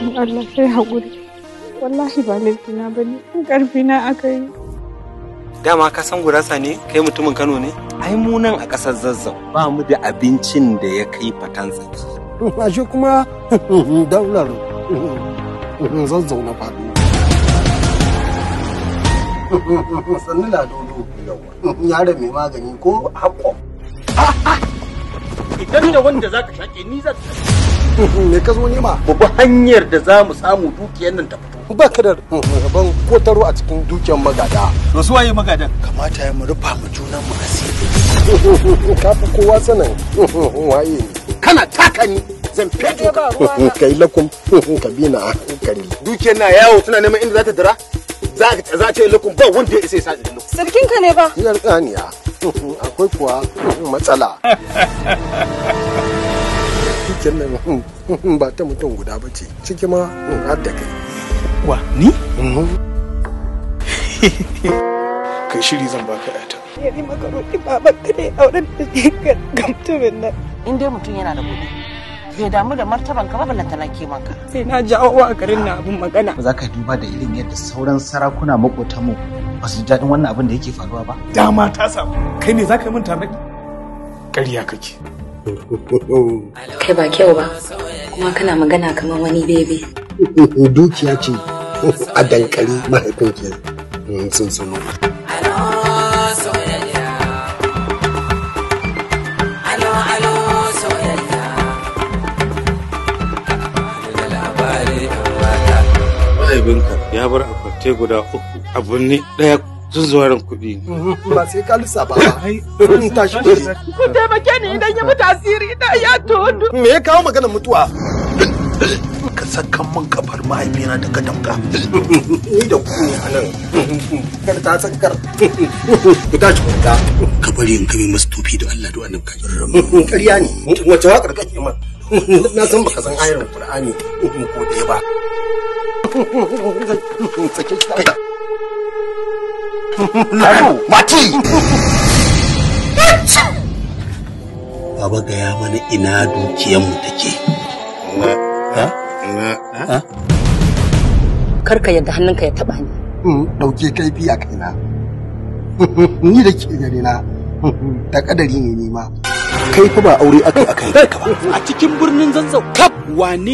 don Allah kai haƙuri wallahi ba laifina ba ne in ƙarfi aka yi dama ka san gurasa ne kai mutumin Kano ne ai mu nan a ƙasar Zazzau ba mu da abincin da ya kai fatan tsaki ba shi kuma daular Zazzau na faɗi sannu ladodo yare mai magani ko haƙo idan da wanda za ka shaƙe ni zaka me ka zo nema babu hanyar da za mu samu dukiyar nan ta fito ba ka da rabon kotaro a cikin dukiyar magada to su waye magadan kamata ya mu rufa mu junan mu asiri ka fi kowa sanin waye kana taka ni zan fito ka yi lakum bi na hankali dukiyar na yawo tana neman inda za ta dira za a ce lakum ba wanda ya isa ya sa lakum sarkin ka ne ba yar tsaniya akwai kuwa matsala dukiyar nan ba ta mutum guda ba ce ciki ma har da kai wa ni mhm. kai shiri zan baka yata ya yi maka roƙi baban ka ne auren da ke gamtumin nan in dai mutum yana da kuɗi bai damu da martaban ka ba balanta na ke maka sai na jawo wa garin na abin magana za ka duba da irin yadda sauran sarakuna maƙotanmu ba su daɗin wannan abin da yake faruwa ba dama ta samu kai ne za ka yi min tarnaƙi ƙarya kake Kai ba kyau ba, kuma kana magana kamar wani bebe. Dukiya ce a dankali mahaifin ke sun ya bar akwate guda uku abin ne ɗaya zuzzuwarin kuɗi ba sai ka lissafa ba in tashi kuɗi ku taimake ni idan ya mutu asiri idan ya tono me ya kawo maganar mutuwa ka saka min kafar mahaifina daga damka ni da ku ne a nan. Kada ta sakar ku tashi ku ta ka bari in kame masu tofi da Allah da annabi ka ƙarya ne wace waƙar kake ma na san baka san ayar Qur'ani ko da ba Laru, mati! Baba gaya mana ina dukiyarmu take. Karka yadda hannunka ya taɓa ni. Hmm, ɗauke kaifi a kaina. Ni da ke gare na, da kadari ne nema. Kai fa ba aure aka yi aka yi ba. A cikin birnin zanzau, kaf wane